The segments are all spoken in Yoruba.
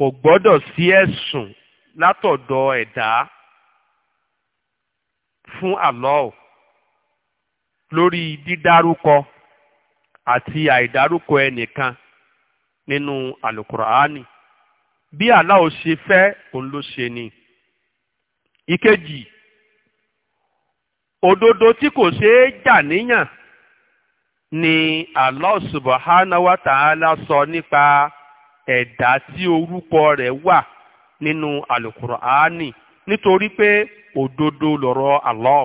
kò gbọ́dọ̀ sí ẹ̀sùn látọ̀dọ̀ ẹ̀dá fún àlọ́ọ̀ lórí dídárúkọ àti àìdárúkọ ẹnìkan nínú àlùkùránì bí Allah ṣe fẹ́ òun ló ṣe ni. ìkejì òdodo tí kò ṣeé jà níyàn ni Allah subhanahu wa sọ nípa. ẹ̀dá tí orúkọ rẹ̀ wà nínú alukur'ani nítorí pé òdodo lọ̀rọ̀ Allah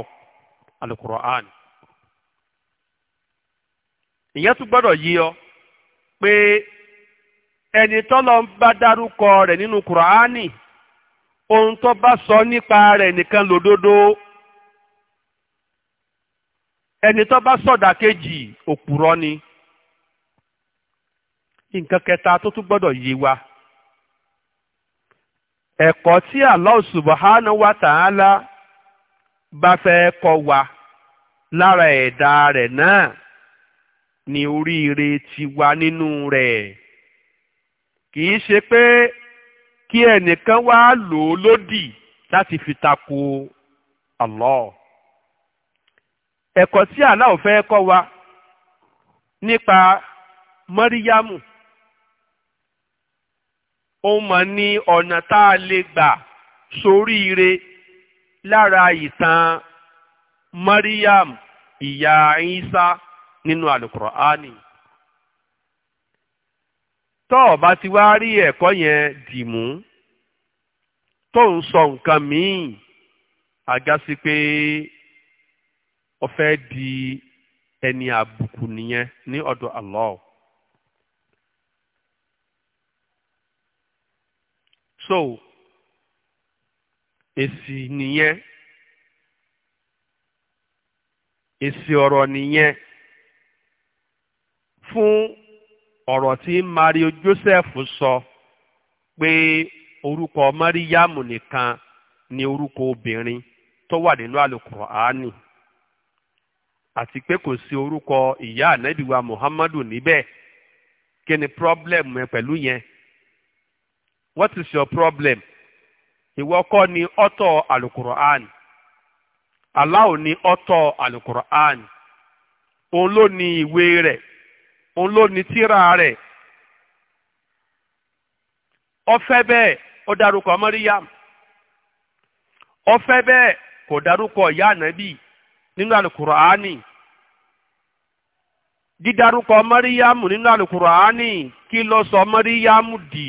alukur'ani. ìyẹn tún gbọ́dọ̀ yí ọ pé ẹni tọ́lọ́ ń bá dárúkọ rẹ̀ nínú kur'ani ohun tó bá sọ nípa rẹ̀ nìkan lòdodo ẹni tó bá sọ̀dà kejì òpùrọ́ ni nǹkan kẹta tó tún gbọ́dọ̀ yé wa ẹ̀kọ́ tí Allah subhanahu wa ta'ala bá fẹ́ kọ́ wa lára ẹ̀dá rẹ̀ náà ni oríire ti wà nínú rẹ̀ kì í ṣe pé kí ẹnìkan wá lò ó lódì láti fi tako Allah ẹ̀kọ́ tí Allah fẹ́ kọ́ wa nípa Mọ́ríyámù. ó mọ̀ ní ọ̀nà tá a lè gbà soríire lára ìtàn Maryam ìyá Isa nínú Al-Qur'ani tó o bá ti wá rí ẹ̀kọ́ yẹn dì mú tó ń sọ nǹkan míì àgásí pé ọ fẹ́ di ẹni àbùkù nìyẹn ní ọ̀dọ̀ Allah. so èsì nìyẹn èsì ọ̀rọ̀ nìyẹn fún ọ̀rọ̀ tí Mario Joseph sọ pé orúkọ Mariam nìkan ni orúkọ obìnrin tó wà nínú àlùkùránì àti pé kò sí orúkọ ìyá ànábìwá Muhammadu níbẹ̀ kí ni problem ẹ pẹ̀lú yẹn. what is your problem ìwọ ni ọ̀tọ̀ alukur'an Allah ni ọ̀tọ̀ alukur'an òun iwe ní ìwé rẹ̀ òun ló ní tírà rẹ̀ ọfẹ́ bẹ́ẹ̀ ó darúkọ Maryam ọfẹ́ bẹ́ẹ̀ kò darúkọ ìyá ànábì nínú alukur'ani dídarúkọ Maryam nínú alukur'ani kí Maryam dì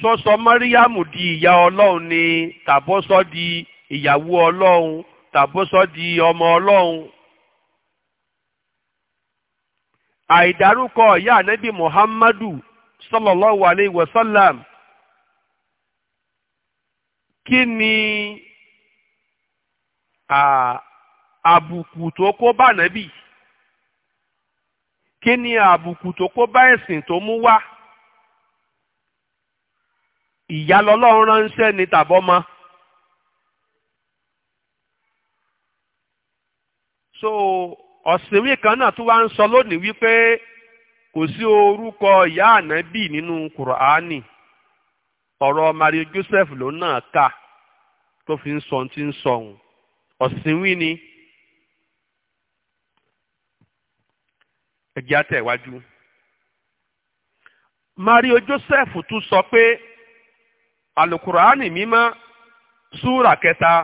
sọ́sọ mọ́ríyàmù di ìyá ọlọ́run ni tàbọ́sọ́ di ìyàwó ọlọ́run tàbọ́sọ́ di ọmọ ọlọ́run. àìdárúkọ ìyá ànábì muhammadu sallallahu alayhi wa sallam kí ni àbùkù tó kó bá ànábì kí ni àbùkù tó kó bá ẹ̀sìn tó mú wá. ìyá lọ́lọ́run ránṣẹ́ ni tàbọ́mọ. so ọ̀sìnwé kan náà tó wá ń sọ lónìí wípé kò sí orúkọ ìyá ànábì nínú kùrọ̀ánì ọ̀rọ̀ Mario Joseph ló náà kà tó fi ń sọ ohun tí ń sọ ọ̀sìnwé ni ẹ̀jẹ̀ àtẹ̀wájú. Mario Joseph tún sọ pé alukur'ani mímọ́ súrà kẹta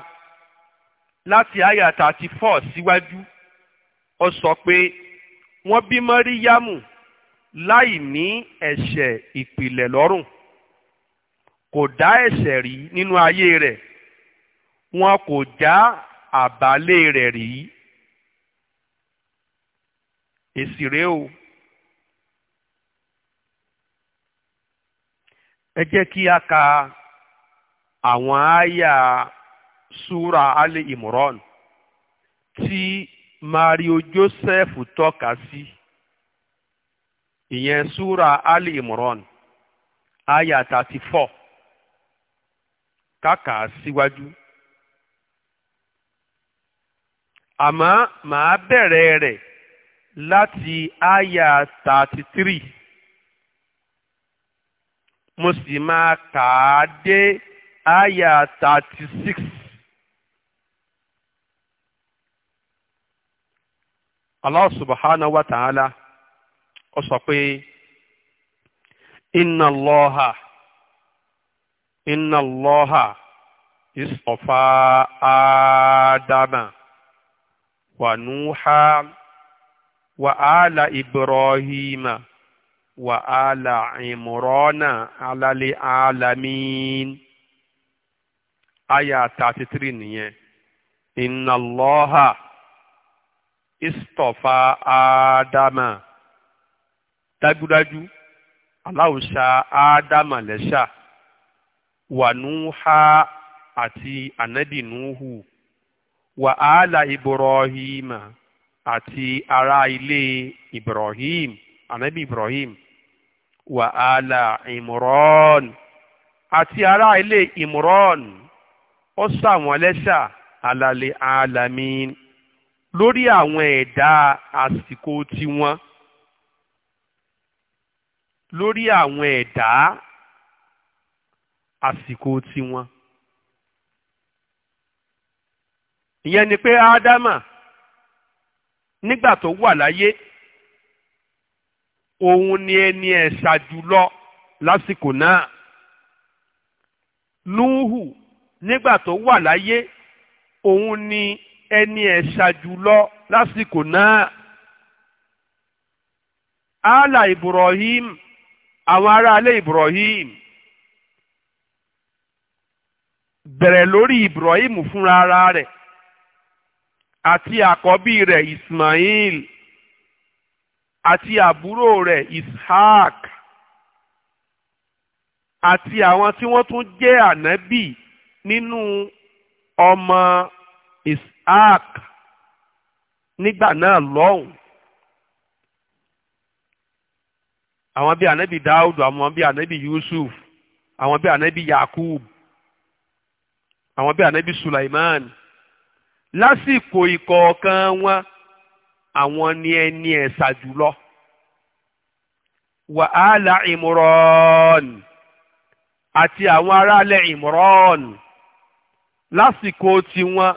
láti àyà thirty four síwájú ó sọ pé wọ́n bí mọ́ríyámù láì ní ẹ̀ṣẹ̀ ìpìlẹ̀ lọ́rùn kò dá ẹ̀ṣẹ̀ rí nínú ayé rẹ̀ wọn kò já àbálé rẹ̀ rí èsì rèé o. ẹ jẹ́ kí a ka àwọn àyà súra Ali Imran tí Mario Joseph tọ́ka sí ìyẹn súra Ali Imran àyà thirty four kàkà síwájú. àmọ́ màá bẹ̀rẹ̀ rẹ̀ láti àyà thirty three mo sì máa kà á dé aya thirty six Allah subhanahu wa ta'ala ó sọ pé inna Allaha inna Allaha istafa Adama wa Nuha wa ala Ibrahima wa ala Imrana ala li alamin aya thirty three nìyẹn inna Allaha istafa ádámà dájúdájú aláwòṣà ádámà lẹ́ṣà wà núhà àti ànábì núhù wà áàlà ibrahim àti ará ilé ibrahim ànábì ibrahim wà áàlà imran àti ará ilé imran ó sà wọ́n lẹ́sà àlàlẹ̀ alamin lórí àwọn ẹ̀dá àsìkò tiwọn lórí àwọn ẹ̀dá àsìkò tiwọn. ìyẹn ni pé ádámà nígbà tó wà láyé òun ni ẹni ẹ̀sà jùlọ lásìkò náà núhù nígbà tó wà láyé òun ni ẹni ẹ̀ṣà jùlọ lásìkò náà ala ibrahim àwọn aráalé ibrahim bẹ̀rẹ̀ lórí ibrahim fúnra ara rẹ̀ àti àkọ́bí rẹ̀ ismail àti àbúrò rẹ̀ ishaq àti àwọn tí wọ́n tún jẹ́ ànábì nínú ọmọ Isaac nígbà náà lọ́hùn àwọn bíi anabi Dáúdù àwọn bíi anabi Yusuf àwọn bíi anabi Yakub àwọn bíi anabi Sulaiman lásìkò ìkọ̀ọ̀kan wọn àwọn ni ẹni ẹ̀sà jùlọ wàhálà Imran àti àwọn aráàlẹ̀ Imran lásìkò tiwọn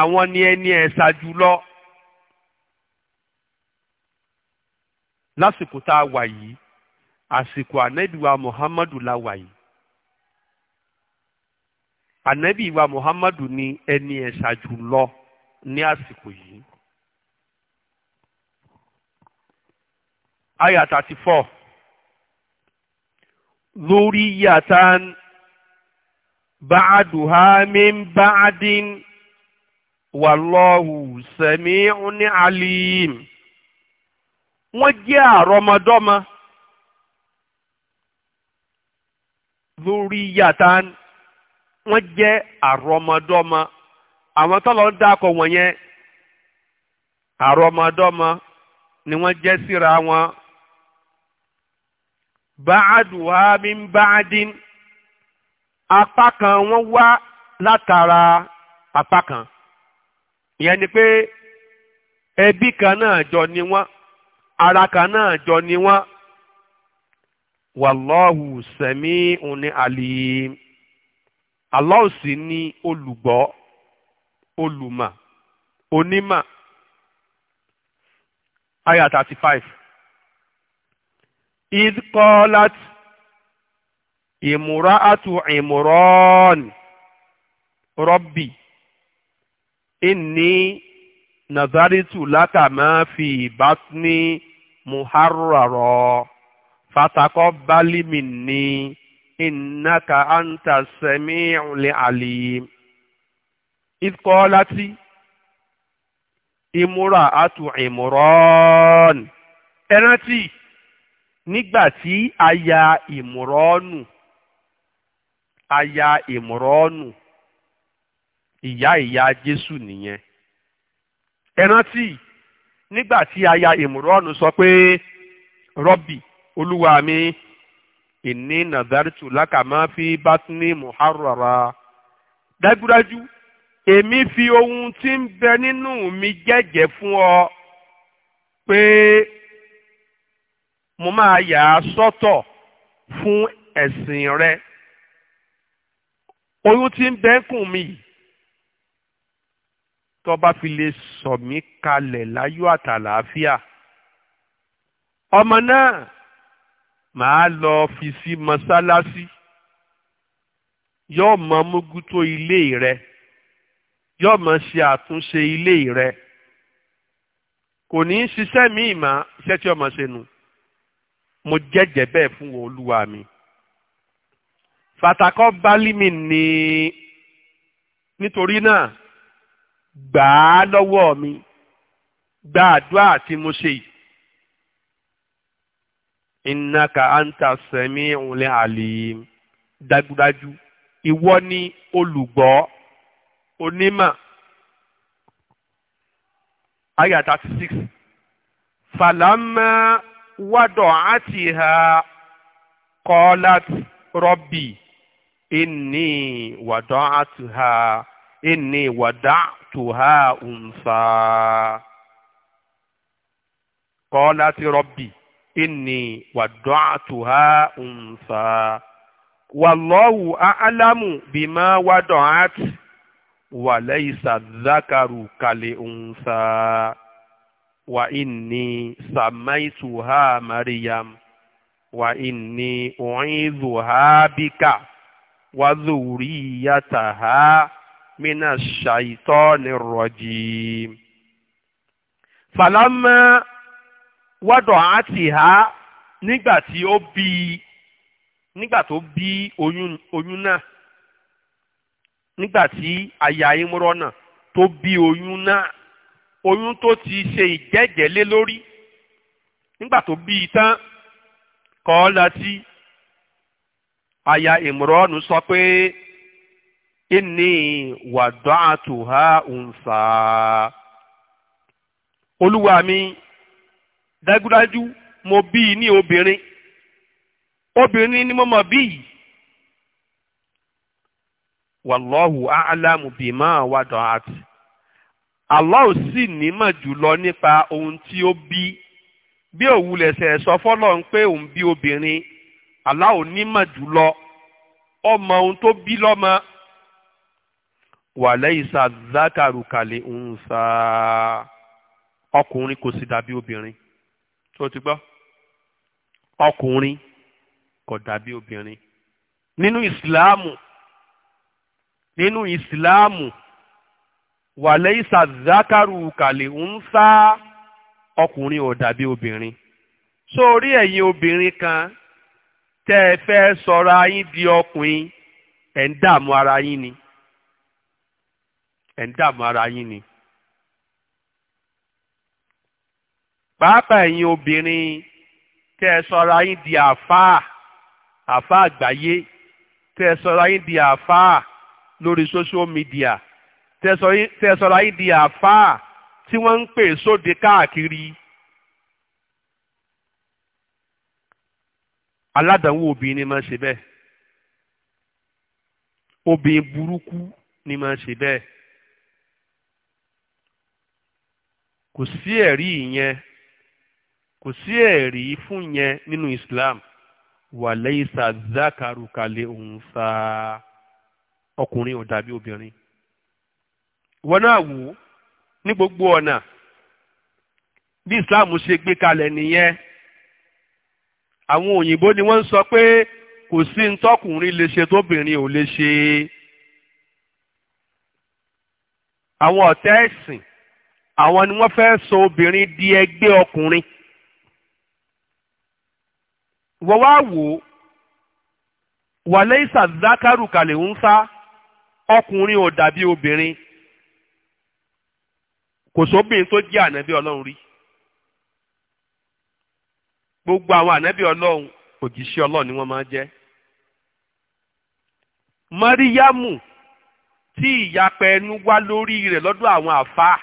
àwọn ni ẹni ẹ̀sà jùlọ lásìkò tá a wà yìí àsìkò ànẹ́bíwa Muhammadu la wà yìí ànẹ́bíwa Muhammadu ni ẹni ẹ̀sà jùlọ ní àsìkò yìí. Aya 34 Lórí yàtá بعدها من بعد والله سميع عليم wọ́n jẹ́ àrọmọdọ́mọ lórí yàtán wọ́n jẹ́ àrọmọdọ́mọ àwọn tọ́lọ dákọ̀ wọ̀nyẹn àrọmọdọ́mọ ni wọ́n jẹ́ síra wọn apá kan wọ́n wá látara apá kan ìyẹn ni pé ẹbí kan náà jọ ni wọ́n ara kan náà jọ ni wọ́n wàlọ́hù sẹ̀mí òní ni olùgbọ́ olùmọ̀ onímọ̀ ayah thirty five. إذ imura'atu imran rabbi inni nazaritu laka ma fi batni muharrara fataqabbal minni innaka anta sami'ul alim idh qalati imura'atu imran ẹ rántí nígbà tí aya ìmùrọ́nù aya ìmọ̀rọ́ọ̀nù ìyá ìyá jésù nìyẹn ẹ nígbà tí aya ìmọ̀rọ́ọ̀nù sọ pé rọ́bì olúwa mi ìní nàzàrìtù lákàmá fi bátínì muharrara dájúdájú èmi fi ohun tí ń bẹ nínú mi jẹ́jẹ́ fún ọ pé mo máa yà á sọ́tọ̀ fún ẹ̀sìn rẹ. oyún tí ń bẹ́kùn mi tó bá fi lè sọ mí kalẹ̀ láyọ̀ àtàlàáfíà ọmọ náà màá lọ fi sí mọ́sálásí yóò mọ mógútó ilé rẹ yóò mọ ṣe àtúnṣe ilé rẹ kò ní í ṣiṣẹ́ míì mọ́ iṣẹ́ tí ọmọ ṣe nù mo jẹ́jẹ́ bẹ́ẹ̀ fún olúwa mi fatakọ balimi ni nítorí náà gbà á lọ́wọ́ mi gba àdúrà tí mo ṣe yìí. innaka anta sami'ul alim dájúdájú ìwọ ni olùgbọ́ onímọ̀ aya thirty six falama wadọ̀ àti ha kọ́lát rọ́bì inni wada'atuha inni wada'tuha unsa qalat rabbi inni wada'tuha unsa wallahu a'lamu bima wada'at walaysa dhakaru kal unsa wa inni samaituha maryam wa inni u'idhuha bika وذريتها من الشيطان الرجيم فلما وضعتها nígbà tí ó bí nígbà tó bí oyún oyún náà to bi aya imurona tó bí ti se ìjẹ́jẹ́ lori nigba to bi tan i tán aya ìmùrọ́nù sọ pé inni ha ùnsà olúwa mi dájúdájú mo bí ní obìnrin obìnrin ni mo mọ̀ bí i mọ álámù bímá wàdọ́àt Allah sì nímọ̀ jùlọ nípa ohun tí ó bí bí òwúlẹ̀sẹ̀ sọ fọ́lọ́run pé òun bí obìnrin Allah onímọ̀ jùlọ ọmọ ohun tó bí lọ́mọ wàlẹ́ ìsà zákàrùkàlẹ̀ ń sa ọkùnrin kò sì dàbí obìnrin tó ti gbọ́ ọkùnrin kò dàbí obìnrin nínú ìsìláàmù nínú ìsìláàmù wàlẹ́ ìsà zákàrùkàlẹ̀ ń sa ọkùnrin ò dàbí obìnrin sórí ẹ̀yin obìnrin kan tẹ́ ẹ fẹ́ sọra yín di ọkùnrin ẹ̀ ń dààmú ara yín ni ẹ̀ ń dààmú ara yín ni. pàápàá ẹ̀yin obìnrin tẹ́ ẹ sọra yín di àfáà àfáà àgbáyé tẹ́ ẹ sọra yín di àfáà lórí social media tẹ́ ẹ sọra yín di àfáà tí wọ́n ń pè sóde káàkiri. aládàáwò obìnrin ni máa ń ṣe bẹ́ẹ̀ obìnrin burúkú ni máa ń ṣe bẹ́ẹ̀ kò sí ẹ̀rí ìyẹn kò sí ẹ̀rí fún yẹn nínú Islam wàlẹ́ ìsà zákàrùkàlẹ̀ òun sa ọkùnrin ò dàbí obìnrin wọn náà wò ó ní gbogbo ọ̀nà bí Islam ṣe gbé kalẹ̀ nìyẹn àwọn òyìnbó ni wọ́n ń sọ pé kò sí ntọ́kùnrin lè ṣe tóbìnrin ò lè ṣe àwọn ọ̀tá ẹ̀sìn àwọn ni wọ́n fẹ́ sọ obìnrin di ẹgbẹ́ ọkùnrin wọ́n wá wò ó wàlẹ́ ìsàdákàrù kalẹ̀ ń sá ọkùnrin ò dàbí obìnrin kò sóbìnrin tó jẹ́ ànábì ọlọ́run rí. gbogbo àwọn ànábì ọlọ́run òjíṣẹ́ ọlọ́run ni wọ́n máa jẹ́. mọ́ríyámù tí ìyapẹ ẹnu wá lórí rẹ lọ́dún àwọn àfáà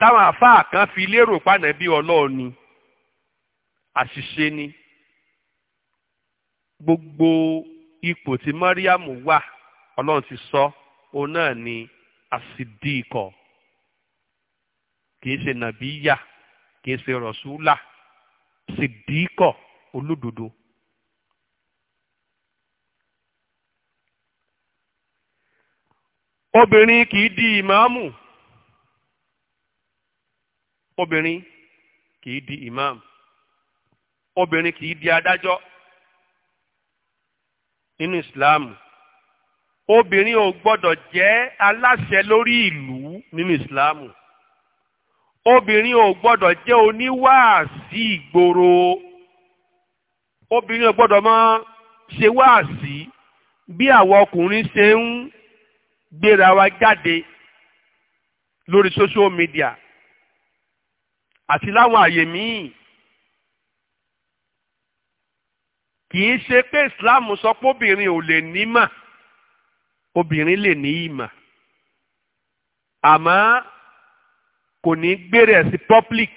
táwọn àfáà kan fi lérò pànàbí ọlọ́run ni àṣìṣe ni gbogbo ipò tí mọ́ríyámù wà ọlọ́run ti sọ òun náà ni àsìdíkọ̀ kì í ṣe nàbíyà kì í ṣe rọ̀ṣúlà. sídìíkọ̀ olódodo. obìnrin kì í di ìmáàmù obìnrin kì í di ìmáàmù obìnrin kì í di adájọ́ nínú ìsìláàmù obìnrin ò gbọ́dọ̀ jẹ́ aláṣẹ lórí ìlú nínú ìsìláàmù. obìnrin ò gbọ́dọ̀ jẹ́ oníwàásí ìgboro obìnrin ò gbọ́dọ̀ mọ́ ṣe wàásí bí àwọn ọkùnrin ṣe ń gbéra wa jáde lórí social media àti láwọn àyè míì kì í ṣe pé Islam sọ pé obìnrin ò lè nímà obìnrin lè ní ìmà àmọ́ kò ní gbére ẹ̀ sí public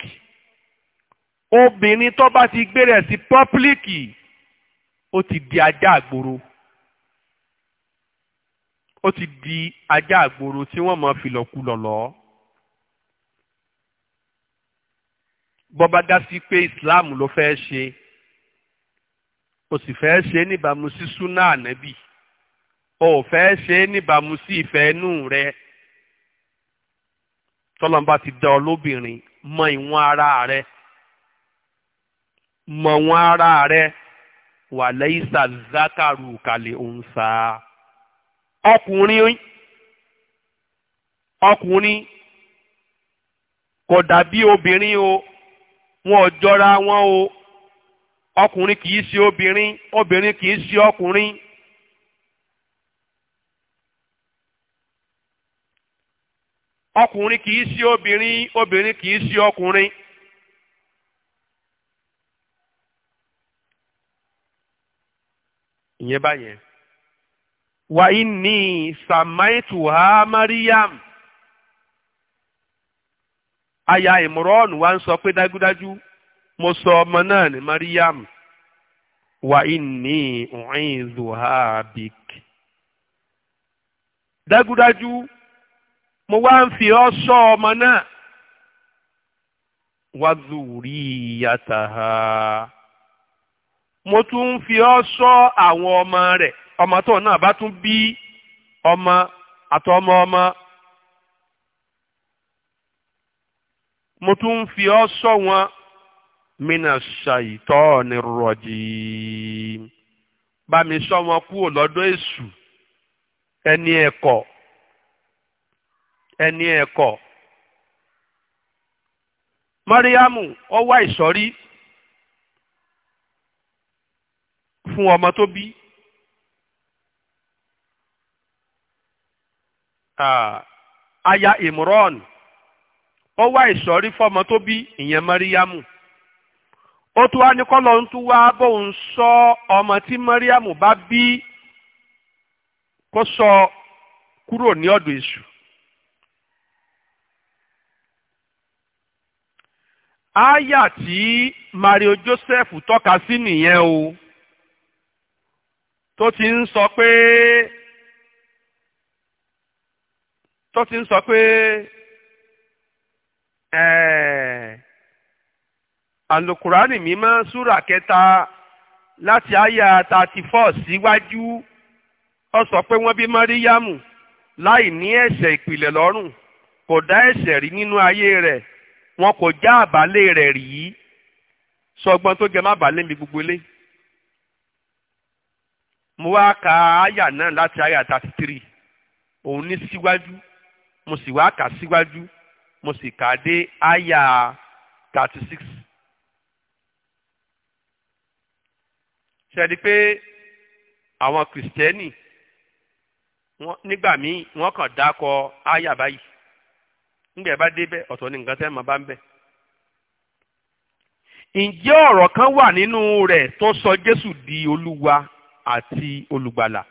obìnrin tó bá ti gbére ẹ̀ sí public ó ti di ajá àgbòro ó ti di ajá àgbòro tí wọ́n mọ̀ filọ̀kù lọ̀lọ́. bọ́bá dá sí pé Islam ló fẹ́ ṣe ó sì fẹ́ ṣe níbàámu sí súnà ànábì ó fẹ́ ṣe níbàámu sí ìfẹ́ inú rẹ̀ tọ́lọ́mbà ti dá ọ lóbìnrin mọ ìwọ̀n ara rẹ mọ ìwọ̀n ara rẹ wà lẹ́yìn sàzákàrù kàlẹ́ òǹsà ọkùnrin ọkùnrin kò dàbí obìnrin o wọn ò jọra wọn o ọkùnrin kì í ṣe obìnrin obìnrin kì í ṣe ọkùnrin ọkùnrin kì í sí obìnrin obìnrin kì í sí ọkùnrin. ìyẹn báyẹn wà ní sàmáìtù ha mariam aya ìmúrọ́ọ̀nù wa ń sọ pé dájúdájú mo sọ ọmọ náà ní mariam wà ní ọ̀hìn zuhabik dájúdájú mo wá ọsọ fi ọ́ sọ ọmọ náà wá zùrí ha mo tún ń fi ọ́ sọ àwọn ọmọ rẹ̀ ọmọ tó náà bá tún bí ọmọ àtọmọ ọmọ mo tún fi ọ́ sọ wọn mina ṣàìtọ́ ni rọ̀jì bá mi sọ wọn kúrò lọ́dọ̀ èṣù ẹni ẹ̀kọ́. E ẹni eko Mariamu ó wa isori fún ọmọ tó bí aya Imran ó wá ìsọ̀rí fọmọ tó bí ìyẹn Mariamu ó tún wá ní kọ́lọ́ ń tún wá bóun sọ ọmọ tí Mariamu bá bí kó sọ kúrò ní ọ̀dọ̀ èṣù. aya tí Mario Joseph tọ́ka sí nìyẹn o tó ti ń sọ pé tó ti ń sọ pé eh, alukurani mímọ́ kẹta láti àyà thirty four síwájú ọ sọ pé wọ́n bí maryamu láì ní ẹ̀ṣẹ̀ ìpìlẹ̀ lọ́rùn kò dá ẹ̀ṣẹ̀ rí nínú ayé rẹ̀ wọn kò já àbálẹ̀ rẹ̀ rí sọgbọ́n tó jẹ má bàálẹ̀ mi gbogbo ilé mo wá ka àyà náà láti àyà thirty three òun ní síwájú mo sì wá kà síwájú mo sì kà dé àyà thirty six. ṣẹ́ni pé àwọn kìrìsìtẹ́nì nígbà míì wọ́n kàn dákọ̀ àyà báyìí ngbe ẹ bá débẹ̀ ọ̀tọ̀ ni nǹkan tẹ́ máa bá ń ǹjẹ́ ọ̀rọ̀ kan wà nínú rẹ̀ tó sọ Jésù di olúwa àti olùgbàlà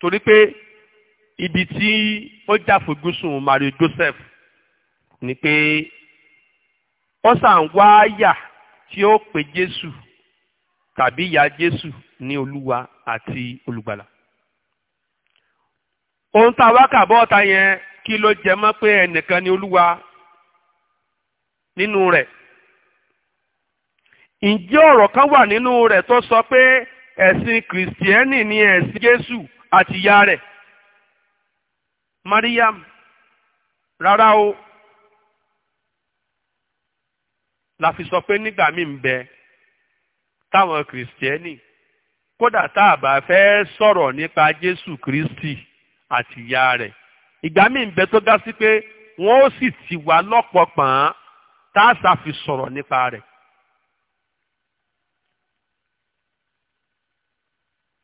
torí pé ibi tí ó jáfojúsùn Mario Joseph ni pé ó sàn wá àyà tí ó pe Jésù tàbí ìyá Jésù ní olúwa àti olùgbàlà ohun tá a wá kà bọ́ ọ̀ta yẹn kí ló jẹ mọ́ pé ẹnìkan ni olúwa nínú rẹ̀ ǹjẹ́ ọ̀rọ̀ kan wà nínú rẹ̀ tó sọ pé ẹ̀sìn kìrìsìtẹ́nì ni ẹ̀sìn jésù àti ìyá rẹ̀ mariam rárá o la fi sọ pé nígbà míì ń bẹ táwọn kìrìsìtẹ́nì kódà tá a bá fẹ́ sọ̀rọ̀ nípa jésù kristi àti ìyá rẹ̀ ìgbà míì ń bẹ tó ga sí pé wọ́n ó sì tì wá lọ́pọ̀ pọ̀n tá a ṣàfi sọ̀rọ̀ nípa rẹ̀.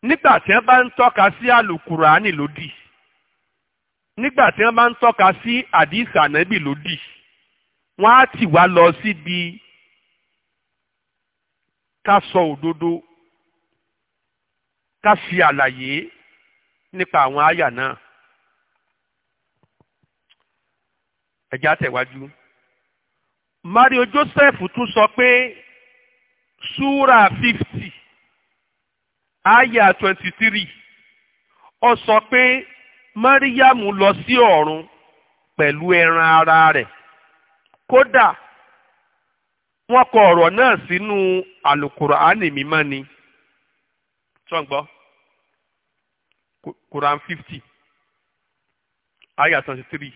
nígbà tí wọ́n bá ń tọ́ka sí àlùkùránì lòdì nígbà tí wọ́n bá ń tọ́ka sí àdìsí ànábì lòdì wọ́n á tì wá lọ síbi ká sọ òdodo ká fi àlàyé nípa àwọn àyà náà. ẹ̀jẹ̀ àtẹ̀wájú. Mario Joseph tún sọ pé Súra fifty Aya twenty three ó sọ pé Máríyámù lọ sí ọ̀run pẹ̀lú ẹran ara rẹ̀. Kódà wọn kọ ọ̀rọ̀ náà sínú Àlùkùránì mímọ́ ni. Sọ̀gbọ́ Quran fifty Aya twenty three.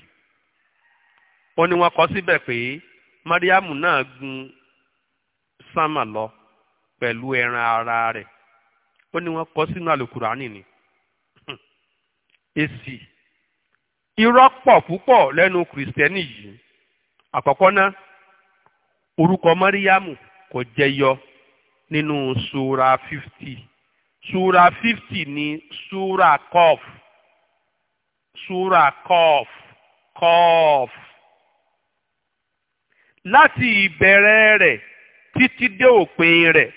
ó ní wọ́n kọ síbẹ̀ pé Máríàmù náà gun sánmà lọ pẹ̀lú ẹran ara rẹ̀ ó ní wọ́n kọ sínú àlùkùránì ni hmm. èsì irọ́ pọ̀ púpọ̀ lẹ́nu kìrìsìtẹ́nì yìí àkọ́kọ́ ná orúkọ Máríàmù kò jẹyọ nínú sura fifty sura fifty ní sura kọf sura kọf kọf. láti ìbẹ̀rẹ̀ rẹ̀ títí dé òpin rẹ̀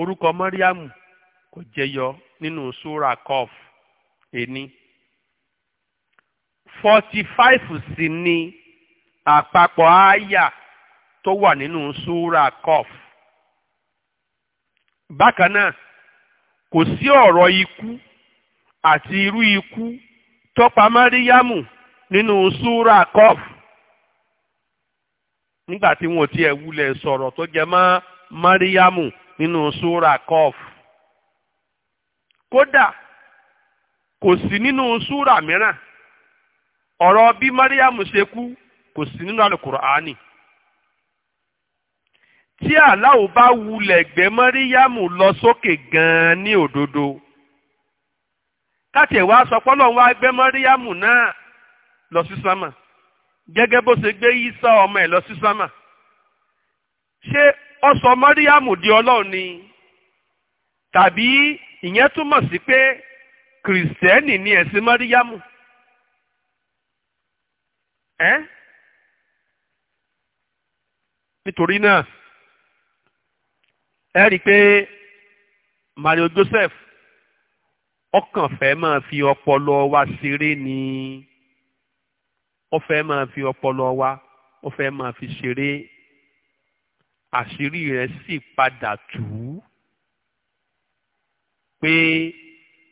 orúkọ mọ́ríàmù kò jẹyọ nínú súra kọf ení forty five sì ni àpapọ̀ àyà tó wà nínú súra kọf bákan náà kò sí ọ̀rọ̀ ikú àti irú ikú tó pa nínú súra kọf. nígbà tí wọn ti ẹ̀ wulẹ̀ sọ̀rọ̀ tó jẹ mọ́ Mariamu nínú súra Kọ́f kódà kò sí nínú súra mìíràn ọ̀rọ̀ bí Mariamu ṣe kú kò sí nínú Al-Kùránì tí aláwo bá wulẹ̀ gbé mọ́ríyámù lọ sókè gan-an ní òdodo káti ẹ̀ wá sọ pé Ọlọ́run wá gbé mọ́ríyámù náà lọ sí gẹ́gẹ́ bó ṣe gbé yísà ọmọ ẹ̀ lọ sí sámà ṣé ó sọ mọ́ríyàmù di ọlọ́run ni tàbí ìyẹn túmọ̀ sí pé kìrìsìtẹ́nì ni ẹ̀sìn mọ́ríyàmù ẹ́ nítorí náà ẹ rí i pé Mario Joseph ọkàn fẹ́ máa fi ọpọlọ wa ṣeré ni ó fẹ́ máa fi ọpọlọ wa ó fẹ́ máa fi ṣeré àṣírí rẹ̀ sì padà tù ú pé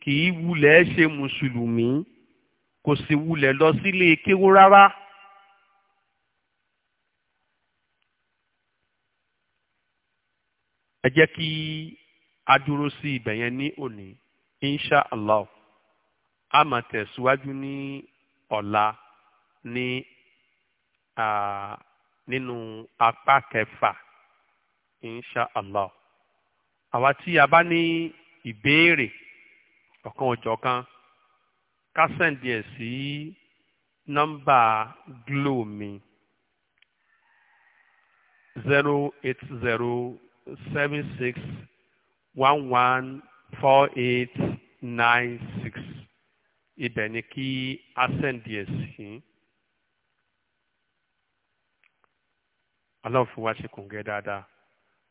kì í wulẹ̀ ṣe mùsùlùmí kò sì wulẹ̀ lọ sílé kéwú rárá. ẹ jẹ́ kí a dúró sí ibẹ̀ yẹn ní òní insha allah a máa tẹ̀síwájú ní ọ̀la ní nínú apá kẹfà insha allah àwa tí a bá ní ìbéèrè ọ̀kan òjọ̀kan ká sẹ́ǹdì ẹ̀ sí nọ́mbà glo mi zero eight zero seven six one one four eight nine six ibẹ̀ ni kí a sẹ́ǹdì ẹ̀ sí. ọlọ́run fún wa ṣe kòǹgẹ́ dáadáa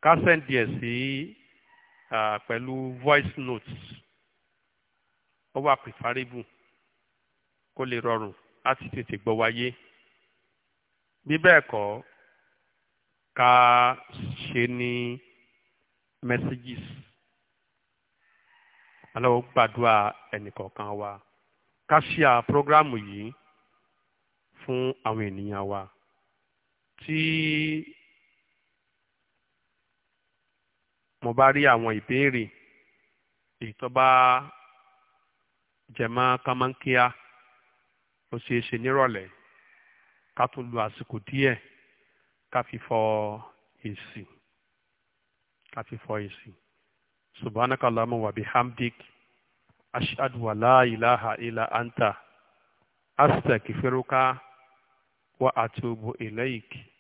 ká sẹ́ndì ẹ̀ sí pẹ̀lú voice notes ó wà preferable kó lè rọrùn láti tètè gbọ́ wáyé bí bẹ́ẹ̀ kọ́ ká ṣe ní messages aláwọ̀ gbàdúrà ẹnìkọ̀ọ̀kan wa ká ṣíà programu yìí fún àwọn ènìyàn wa tí mo bá rí àwọn ìbéèrè èyí tó bá jẹmọ́ kámánkíá ó ṣeé ṣe nírọ̀lẹ́ ká tún lu àsìkò díẹ̀ ká fi fọ èsì ká fi fọ èsì subhanaka allahumma wa bihamdik ashhadu wa la ilaha illa anta astaghfiruka wa atubu ilayk.